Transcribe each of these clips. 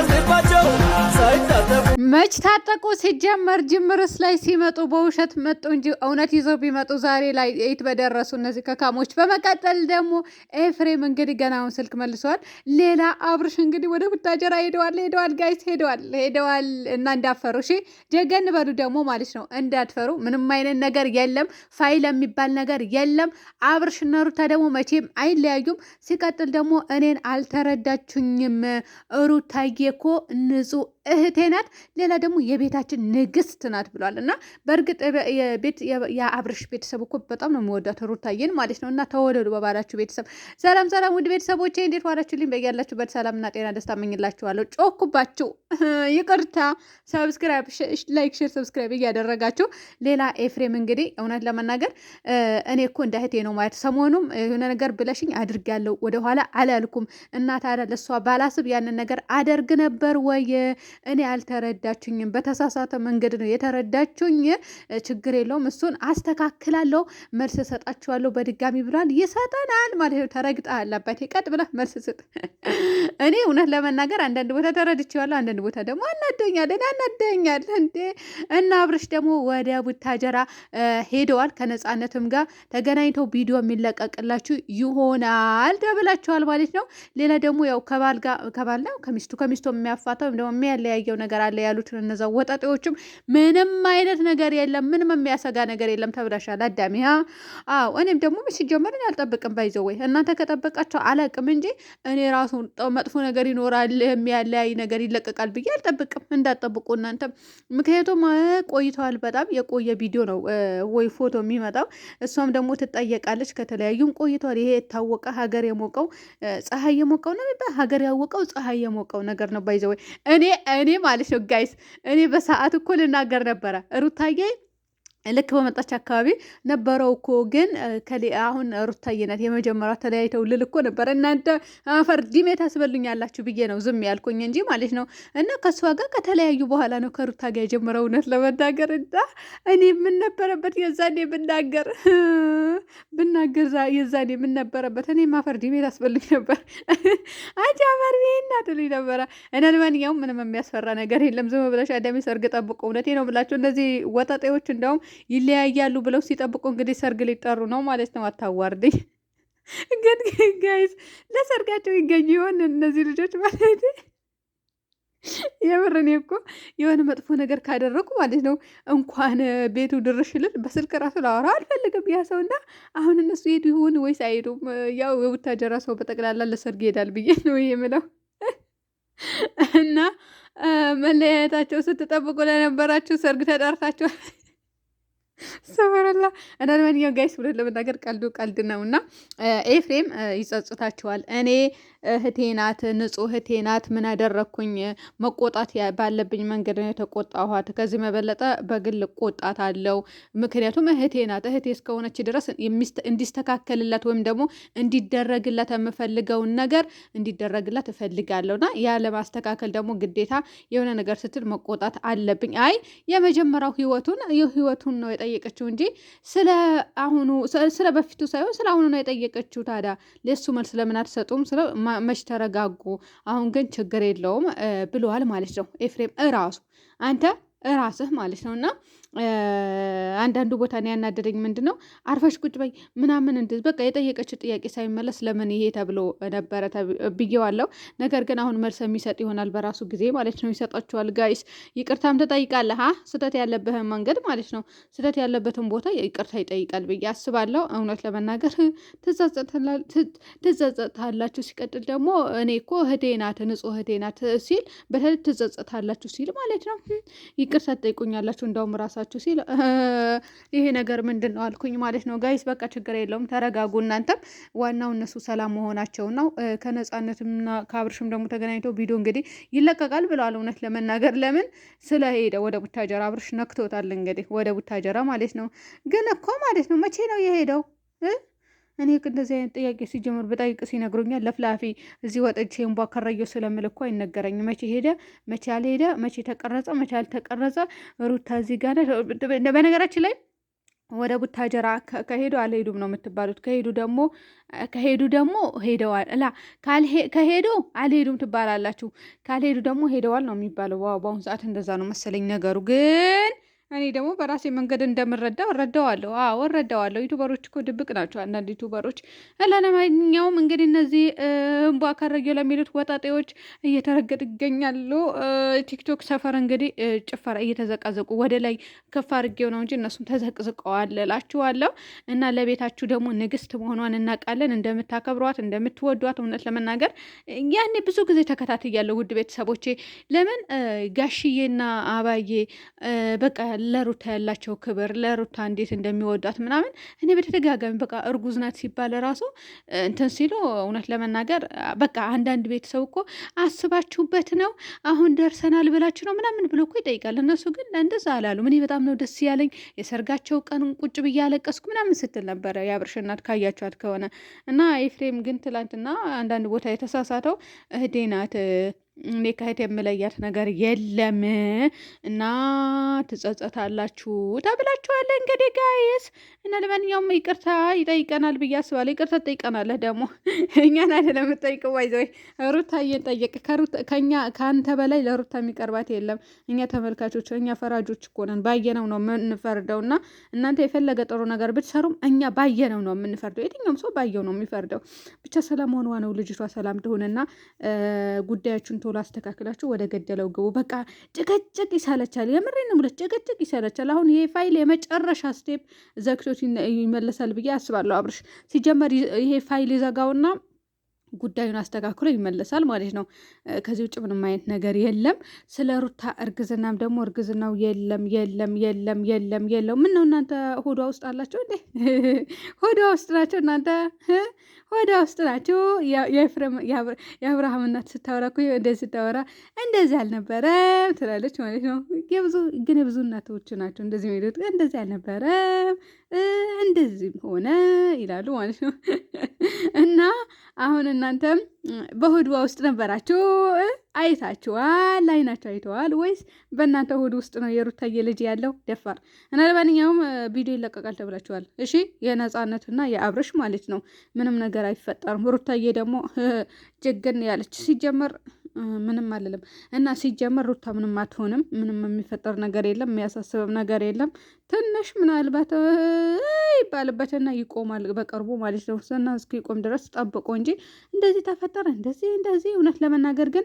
Deus me pode መች ታጠቁ? ሲጀመር ጅምርስ ላይ ሲመጡ በውሸት መጡ እንጂ እውነት ይዘው ቢመጡ ዛሬ ላይ የት በደረሱ እነዚህ ከካሞች። በመቀጠል ደግሞ ኤፍሬም እንግዲህ ገናውን ስልክ መልሰዋል። ሌላ አብርሽ እንግዲህ ወደ ቡታጀራ ሄደዋል፣ ሄደዋል፣ ጋይስ ሄደዋል፣ ሄደዋል እና እንዳፈሩ እሺ፣ ጀገን በሉ ደግሞ ማለት ነው እንዳትፈሩ። ምንም አይነት ነገር የለም፣ ፋይል የሚባል ነገር የለም። አብርሽ እና ሩታ ደግሞ መቼም አይለያዩም። ሲቀጥል ደግሞ እኔን አልተረዳችኝም። ሩታዬ እኮ ንጹህ እህቴ ናት፣ ሌላ ደግሞ የቤታችን ንግስት ናት ብሏል። እና በእርግጥ የአብርሽ ቤተሰብ እኮ በጣም ነው የሚወዳት ሩታዬን ማለት ነው። እና ተወደዱ በባላችሁ ቤተሰብ። ሰላም ሰላም፣ ውድ ቤተሰቦቼ እንዴት ዋላችሁልኝ? በያላችሁበት ሰላምና ጤና ደስታ መኝላችኋለሁ። ጮኩባችሁ፣ ይቅርታ። ሰብስክራይብ፣ ላይክ፣ ሼር፣ ሰብስክራይብ እያደረጋችሁ ሌላ ኤፍሬም እንግዲህ እውነት ለመናገር እኔ እኮ እንደ እህቴ ነው ማለት ሰሞኑም የሆነ ነገር ብለሽኝ አድርጊያለሁ፣ ወደኋላ አላልኩም። እናት ለሷ ባላስብ ያንን ነገር አደርግ ነበር ወይ እኔ አልተረዳችኝም። በተሳሳተ መንገድ ነው የተረዳችኝ። ችግር የለውም እሱን አስተካክላለሁ፣ መልስ እሰጣችኋለሁ በድጋሚ ብሏል። ይሰጠናል ማለት ነው። ተረግጠሃል አባቴ፣ ቀጥ ብለህ መልስ ስጥ። እኔ እውነት ለመናገር አንዳንድ ቦታ ተረድቼዋለሁ፣ አንዳንድ ቦታ ደግሞ አናደኛል አናደኛል እንዴ። እና አብርሽ ደግሞ ወደ ቡታጀራ ሄደዋል ከነጻነትም ጋር ተገናኝተው ቪዲዮ የሚለቀቅላችሁ ይሆናል ተብላችኋል ማለት ነው። ሌላ ደግሞ ያው ከባል ጋር ከባል ነው ከሚስቱ ከሚስቱ የሚያፋተው ወይም ደግሞ የሚያለያየው ነገር አለ ያሉት እነዛ ወጣጤዎችም ምንም አይነት ነገር የለም፣ ምንም የሚያሰጋ ነገር የለም ተብላሻል አዳሚ። አዎ እኔም ደግሞ ሲጀመር አልጠብቅም ባይዘው ወይ እናንተ ከጠበቃቸው አላቅም እንጂ እኔ ራሱ መጥፎ ነገር ይኖራል፣ የሚያለያይ ነገር ይለቀቃል ብዬ አልጠብቅም። እንዳጠብቁ እናንተ። ምክንያቱም ቆይተዋል፣ በጣም የቆየ ቪዲዮ ነው ወይ ፎቶ የሚመጣው። እሷም ደግሞ ትጠየቃለች። ከተለያዩም ቆይተዋል። ይሄ የታወቀ ሀገር የሞቀው ፀሐይ የሞቀው ነው የሚባል ሀገር ያወቀው ፀሐይ የሞቀው ነገር ነው። ባይዘወይ እኔ እኔ ማለት ነው ጋይስ፣ እኔ በሰዓት እኮ ልናገር ነበረ ሩታዬ ልክ በመጣች አካባቢ ነበረው እኮ ግን አሁን ሩታዬ ናት የመጀመሪያ ተለያይተው ልል እኮ ነበረ። እናንተ አፈር ዲሜ ታስበሉኛላችሁ ብዬ ነው ዝም ያልኩኝ እንጂ ማለት ነው። እና ከእሷ ጋር ከተለያዩ በኋላ ነው ከሩታ ጋር የጀመረው እውነት ለመናገር እና እኔ የምንነበረበት የዛኔ ብናገር ብናገር የዛኔ የምንነበረበት እኔ ማፈር ዲሜ ታስበሉኝ ነበር። አንቺ አፈር ዲሜና ትሉኝ ነበረ። እና ለማንኛውም ምንም የሚያስፈራ ነገር የለም። ዝም ብለሽ አዳሚ ሰርግ ጠብቁ። እውነቴ ነው ብላቸው እነዚህ ወጠጤዎች እንደውም ይለያያሉ ብለው ሲጠብቁ እንግዲህ ሰርግ ሊጠሩ ነው ማለት ነው። አታዋርድኝ ግን ጋይዝ ለሰርጋቸው ይገኙ ይሆን እነዚህ ልጆች ማለት የምር እኔ እኮ የሆነ መጥፎ ነገር ካደረጉ ማለት ነው እንኳን ቤቱ ድርሽ ልል በስልክ ራሱ ላወራ አልፈልግም። ያ ሰው እና አሁን እነሱ ሄዱ ይሆን ወይስ አይሄዱም? ያው የቡታጀራ ሰው በጠቅላላ ለሰርግ ይሄዳል ብዬ ነው የምለው እና መለያየታቸው ስትጠብቁ ለነበራችሁ ሰርግ ተጠርታችኋል። ሰበረላ እና ለማንኛውም ጋይስ ብለን ለመናገር ቀልዱ ቀልድ ነው እና ኤፍሬም ይጸጽታችኋል። እኔ እህቴ ናት፣ ንጹህ እህቴ ናት። ምን አደረግኩኝ? መቆጣት ባለብኝ መንገድ ነው የተቆጣኋት። ከዚህ መበለጠ በግል ቆጣት አለው። ምክንያቱም እህቴ ናት። እህቴ እስከሆነች ድረስ እንዲስተካከልላት ወይም ደግሞ እንዲደረግላት የምፈልገውን ነገር እንዲደረግላት እፈልጋለሁና ያ ለማስተካከል ደግሞ ግዴታ የሆነ ነገር ስትል መቆጣት አለብኝ። አይ የመጀመሪያው ህይወቱን ህይወቱን ነው የጠየቀ የጠየቀችው እንጂ ስለ አሁኑ ስለ በፊቱ ሳይሆን ስለ አሁኑ ነው የጠየቀችው። ታዲያ ለሱ መልስ ለምን አትሰጡም? ስለ መች ተረጋጉ። አሁን ግን ችግር የለውም ብለዋል ማለት ነው ኤፍሬም እራሱ አንተ እራስህ ማለት ነው እና አንዳንዱ ቦታ ነው ያናደደኝ። ምንድን ነው አርፈሽ ቁጭ በይ ምናምን እንድ በቃ የጠየቀችው ጥያቄ ሳይመለስ ለምን ይሄ ተብሎ ነበረ ብዬዋለሁ። ነገር ግን አሁን መልስ የሚሰጥ ይሆናል በራሱ ጊዜ ማለት ነው። ይሰጣችኋል። ጋይስ ይቅርታም ትጠይቃለህ። ስህተት ያለብህን መንገድ ማለት ነው። ስህተት ያለበትን ቦታ ይቅርታ ይጠይቃል ብዬ አስባለሁ። እውነት ለመናገር ትጸጸታላችሁ። ሲቀጥል ደግሞ እኔ እኮ እህቴ ናት ንጹህ እህቴ ናት ሲል በተለይ ትጸጸታላችሁ ሲል ማለት ነው ይቅርታ ትጠይቁኛላችሁ። እንዳውም ራሳ ራሳችሁ ሲል ይሄ ነገር ምንድን ነው አልኩኝ ማለት ነው። ጋይስ በቃ ችግር የለውም ተረጋጉ። እናንተም ዋናው እነሱ ሰላም መሆናቸው ነው። ከነጻነትና ከአብርሽም ደግሞ ተገናኝተው ቪዲዮ እንግዲህ ይለቀቃል ብለዋል። እውነት ለመናገር ለምን ስለሄደ ወደ ቡታጀራ አብርሽ ነክቶታል። እንግዲህ ወደ ቡታጀራ ማለት ነው። ግን እኮ ማለት ነው መቼ ነው የሄደው? እኔ እንደዚህ አይነት ጥያቄ ሲጀምር በጠይቅስ ይነግሩኛል። ለፍላፊ እዚህ ወጠጅ ሴንቧ ከረየው ስለምል እኮ አይነገረኝ። መቼ ሄደ፣ መቼ አልሄደ፣ መቼ ተቀረጸ፣ መቼ አልተቀረጸ። ሩታ እዚህ ጋር በነገራችን ላይ ወደ ቡታጀራ ከሄዱ አልሄዱም ነው የምትባሉት። ከሄዱ ደግሞ ከሄዱ ደግሞ ሄደዋል ላ ከሄዱ አልሄዱም ትባላላችሁ። ካልሄዱ ደግሞ ሄደዋል ነው የሚባለው። በአሁኑ ሰዓት እንደዛ ነው መሰለኝ ነገሩ ግን እኔ ደግሞ በራሴ መንገድ እንደምረዳው እረዳዋለሁ። አዎ እረዳዋለሁ። ዩቱበሮች እኮ ድብቅ ናቸው፣ አንዳንድ ዩቱበሮች። ለማንኛውም እንግዲህ እነዚህ እንቧ ከረየው ለሚሉት ወጣጤዎች እየተረገጥ ይገኛሉ። ቲክቶክ ሰፈር እንግዲህ ጭፈራ እየተዘቃዘቁ ወደ ላይ ከፍ አድርጌው ነው እንጂ እነሱም ተዘቅዝቀዋል እላችኋለሁ። እና ለቤታችሁ ደግሞ ንግስት መሆኗን እናውቃለን፣ እንደምታከብሯት እንደምትወዷት። እውነት ለመናገር ያኔ ብዙ ጊዜ ተከታትያለሁ፣ ውድ ቤተሰቦቼ። ለምን ጋሽዬና አባዬ በቃ ለሩታ ያላቸው ክብር ለሩታ እንዴት እንደሚወዷት ምናምን እኔ በተደጋጋሚ በቃ እርጉዝ ናት ሲባል ራሱ እንትን ሲሉ እውነት ለመናገር በቃ አንዳንድ ቤተሰብ እኮ አስባችሁበት ነው አሁን ደርሰናል ብላችሁ ነው ምናምን ብሎ እኮ ይጠይቃል። እነሱ ግን እንደዛ አላሉም። እኔ በጣም ነው ደስ ያለኝ የሰርጋቸው ቀን ቁጭ ብዬ ያለቀስኩ ምናምን ስትል ነበረ የአብርሽ እናት ካያችኋት ከሆነ እና ኤፍሬም ግን ትላንትና አንዳንድ ቦታ የተሳሳተው እህቴ ናት እኔ ከእህት የምለያት ነገር የለም እና ትጸጸታላችሁ ተብላችኋለ። እንግዲህ ጋይስ እና ለማንኛውም ይቅርታ ይጠይቀናል ብዬ አስባለሁ። ይቅርታ ትጠይቀናለህ ደግሞ እኛን አይደለም የምትጠይቀው። ይዘ ሩታዬን ጠየቅ። ከኛ ከአንተ በላይ ለሩታ የሚቀርባት የለም። እኛ ተመልካቾች፣ እኛ ፈራጆች እኮ ነን። ባየነው ነው የምንፈርደው እና እናንተ የፈለገ ጥሩ ነገር ብትሰሩም እኛ ባየነው ነው የምንፈርደው። የትኛውም ሰው ባየው ነው የሚፈርደው። ብቻ ሰላም ሆኗ ነው ልጅቷ ሰላም ትሆንና ጉዳያችሁን ቶሎ አስተካክላችሁ ወደ ገደለው ግቡ። በቃ ጭቅጭቅ ይሰለቻል። የምሬ ነው የምልህ፣ ጭቅጭቅ ይሰለቻል። አሁን ይሄ ፋይል የመጨረሻ ስቴፕ ዘግቶት ይመለሳል ብዬ አስባለሁ። አብርሽ ሲጀመር ይሄ ፋይል ይዘጋውና ጉዳዩን አስተካክሎ ይመለሳል ማለት ነው። ከዚህ ውጭ ምንም አይነት ነገር የለም። ስለ ሩታ እርግዝናም ደግሞ እርግዝናው የለም የለም የለም የለም የለው። ምን ነው እናንተ ሆዷ ውስጥ አላቸው እንዴ? ሆዷ ውስጥ ናቸው እናንተ ሆዷ ውስጥ ናቸው። የአብርሃም እናት ስታወራ እኮ እንደዚህ ስታወራ እንደዚህ አልነበረም ትላለች ማለት ነው። የብዙ ግን የብዙ እናቶች ናቸው እንደዚህ የሚሉት። እንደዚህ አልነበረም እንደዚህ ሆነ ይላሉ ማለት ነው። እና አሁን እናንተም በሆድዋ ውስጥ ነበራችሁ አይታችኋል፣ አይናችሁ አይተዋል ወይስ በእናንተ ሆድ ውስጥ ነው የሩታዬ ልጅ ያለው? ደፋር እና ለማንኛውም ቪዲዮ ይለቀቃል ተብላችኋል። እሺ የነፃነትና የአብርሽ ማለት ነው። ምንም ነገር አይፈጠርም። ሩታዬ ደግሞ ጀገን ያለች ሲጀመር ምንም አልልም። እና ሲጀመር ሩታ ምንም አትሆንም። ምንም የሚፈጠር ነገር የለም፣ የሚያሳስብም ነገር የለም። ትንሽ ምናልባት ይባልበትና ይቆማል በቅርቡ ማለት ነው። እና እስኪቆም ድረስ ጠብቆ እንጂ እንደዚህ ተፈጠረ እንደዚህ እንደዚህ። እውነት ለመናገር ግን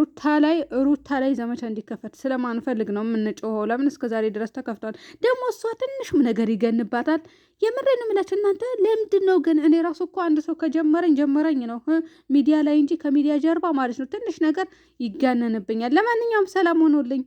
ሩታ ላይ ሩታ ላይ ዘመቻ እንዲከፈት ስለማንፈልግ ነው የምንጮኸው። ለምን እስከዛሬ ድረስ ተከፍቷል። ደግሞ እሷ ትንሽም ነገር ይገንባታል። የምሬን ምለት እናንተ ለምንድን ነው ግን? እኔ ራሱ እኮ አንድ ሰው ከጀመረኝ ጀመረኝ ነው ሚዲያ ላይ እንጂ ከሚዲያ ጀርባ ማለት ነው ትንሽ ትንሽ ነገር ይጋነንብኛል። ለማንኛውም ሰላም ሆኖልኝ